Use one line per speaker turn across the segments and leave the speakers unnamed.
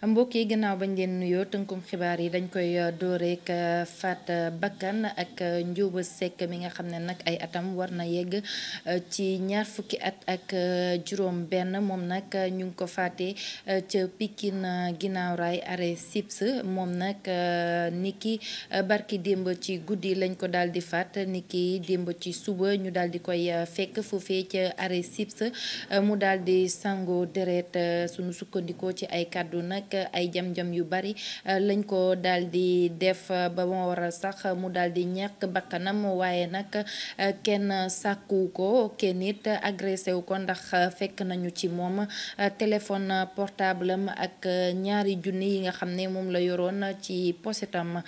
mbokk yi gannaaw bañ leen nuyoo tënkum xibaar yi dañ koy euh, dooreek euh, faat euh, bakkan ak njuuba sekk mi nga xam ne nag ay atam war na yegg ci ñaar fukki at ak juróom benn moom nag ñu ngi ko faatee ca Pikine ginnaaw raay arrêt Sips moom nag niki barki démb ci guddi lañ ko daal di faat niki démb ci suba ñu daal di koy fekk foofee ca arrêt Sips mu daal di sango deret sunu sukkandikoo ci ay kàddu nag nag ay jam-jam yu bari euh, lañ ko daal di def euh, ba ma waral sax mu daal di ñàkk bakkanam waaye nag euh, kenn sàkku ko kenn it agressé wu ko ndax fekk nañu ci moom téléphone portable am ak ñaari junni yi nga xam ne moom la yoroon ci posetam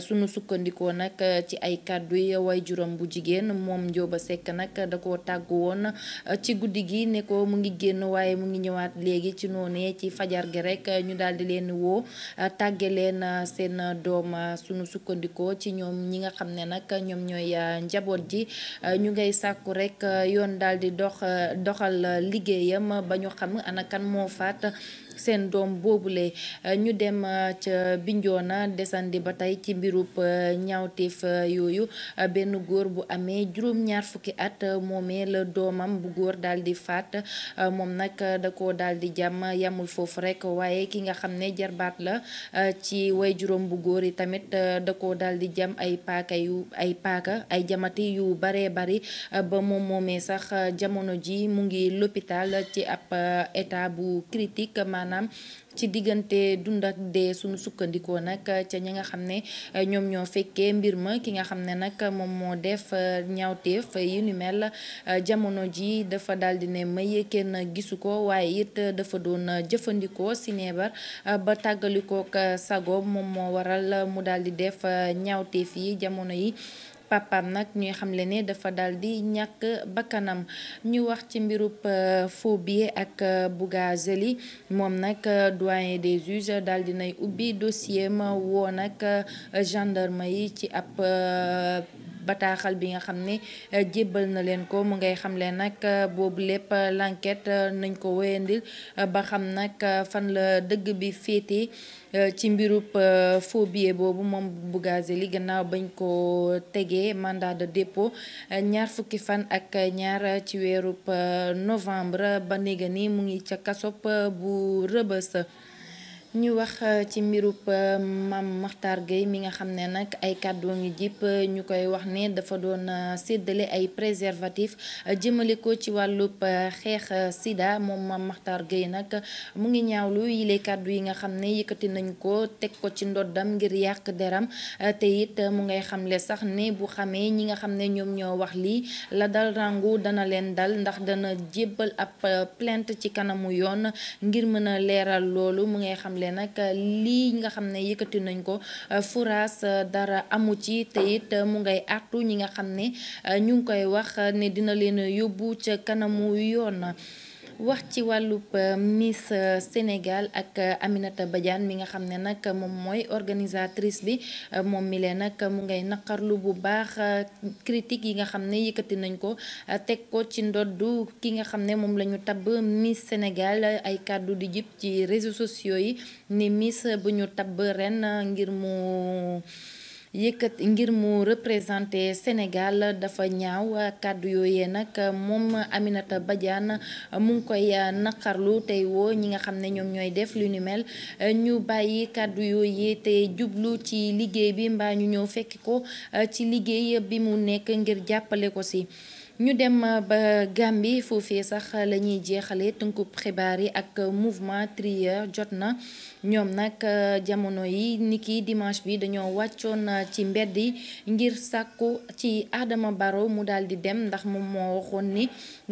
sunu sukkandikoo nag ci ay kàddu yi way juróom bu jigéen moom Njóoba Sekk nag da ko tàggu woon ci guddi gi ne ko mu ngi génn waaye mu ngi ñëwaat léegi ci noonee ci fajar gi rek ñu daal di leen woo euh, tàgge leen euh, seen euh, doom sunu sukkandikoo ci ñoom ñi nga xam ne nag ñoom ñooy njaboot ji ñu ngay sàkku rek yoon daal di dox doxal liggéeyam ba ñu xam ana moo faat seen doom boobule euh, ñu dem euh, ca Bignona desandi ba tey ci mbirub euh, ñaawteef yooyu benn góor bu amee juróom-ñaar fukki at moomee la doomam bu góor daal di faat moom nag da ko daal di jàmm yamul foofu rek waaye ki nga xam ne jarbaat la ci way juróom góor yi tamit da ko daal di jam ay paaka yu ay paaka ay jamati yu baree bari ba moom moomee sax jamono ji mu ngi l'hôpital ci ab état bu critique maanaam ci diggante dund de dee suñu sukkandikoo nag ca ñi nga xam ne eh, ñoom ñoo fekkee mbir ma ki nga xam ne nag moom moo def eh, ñaawteef yu ni mel eh, jamono ji dafa daal di ne may kenn gisu ko waaye it dafa doon jëfandikoo sineebar ba tàggalikook sago moom moo waral mu daal di def ñaawteef yi jamono yi papam nag ñuy xamle ne dafa dal di ñàkk bakkanam ñu wax ci mbirub faux euh, billet ak euh, Bougazelli moom nag euh, doyen des juges daal di nay ubbi dossier ma woo nag gendarme yi ci ab bataaxal bi nga xam ne euh, jébbal na leen ko mu ngay xam leen nag euh, boobu lépp euh, l'enquête nañ ko wéyandil ba xam nag fan la dëgg bi féete ci mbirub faux billet boobu moom Bougazelli gannaaw bañ ko tegee mandat de dépôt ñaar fukki fan ak ñaar ci weerub novembre ba néega ni mu ngi ca kasop bu rëbës ñu wax euh, ci mbirub maam euh, maxtar Gueye mi nga xam ne nag ay kàddoo ngi jip euh, ñu koy wax ne dafa doon séddale ay préservatif jëmale ko ci wàllub xeex sida moom Mame maxtar Gueye nag mu ngi ñaawlu yile kàddu yi nga xam ne yëkkati nañ ko teg ko ci ndoddam ngir yàq deram te it mu ngay xamle sax ne bu xamee ñi nga xam ne ñoom ñoo wax lii la dal ràngu dana leen dal ndax dana jébbal ab plainte ci kanamu yoon ngir mën leeral loolu mu ngay xamle loolee nag lii nga xam ne yëkkati nañ ko euh, furaas euh, dara amu ci te it euh, mu ngay artu ñi nga xam ne ñu ngi koy wax ne dina leen yóbbu ca kanamu yoon. na wax ci wàllub euh, miis euh, Sénégal ak euh, Aminata Badiane mi nga xam ne nag moom mooy organisatrice bi moom mi lee nag mu ngay naqarlu bu baax critique yi nga xam ne yëkkati nañ ko teg ko ci ndoddu ki nga xam ne moom la ñu tabb Miss Sénégal ay kàddu di jib ci réseau sociaux yi ni miis bu ñu tabb ren ngir mu yëkkat ngir mu représenté senegal dafa ñaaw kàddu yooye nag moom Aminata Badiane mu ngi koy naqarlu tey woo ñi nga xam ne ñoom ñooy def lu ni mel ñu bàyyi kàddu yooyee te jublu ci liggéey bi mbaa ñu ñëw fekki ko ci liggéey bi mu nekk ngir jàppale ko si. ñu dem euh, ba gàmbi foofee sax lañuy jeexale tënkub xibaar yi ak euh, mouvement trieur jot na ñoom nag euh, jamono yi niki dimanche bi dañoo wàccoon na ci mbedd yi ngir sàkku ci aadama Barrow mu daal di dem ndax moom moo waxoon ni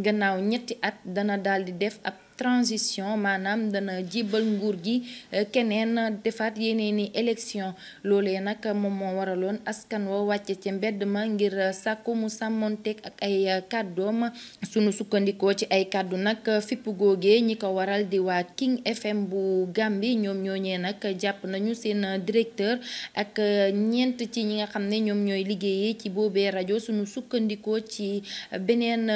gannaaw ñetti at dana daal di def ab transition maanaam dana jibbal nguur gi eh, keneen defaat yeneen i élection loolee nag moom moo waraloon askan wa wàcce ca mbedd ma ngir eh, sàkku mu sàmmonteeg ak ay eh, kàddoom sunu sukkandikoo ci ay kàddu nag fipp googee ñi ko waral di waa King FM bu Gàmbi ñoom ñooñee nag jàpp nañu seen directeur ak ñeent ci ñi nga xam ne ñoom ñooy liggéeyee ci boobee rajo sunu sukkandikoo ci beneen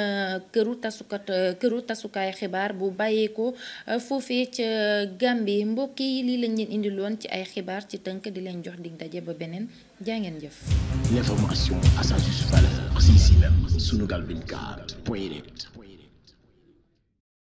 këru tasukat këru tasukaay xibaar bu bay bàyyeekoo euh, foofee ca euh, Gambie mbokk yi lii lañ leen indiloon ci ay xibaar ci tënk di leen jox dig daje ba beneen jaa ngeen jëf.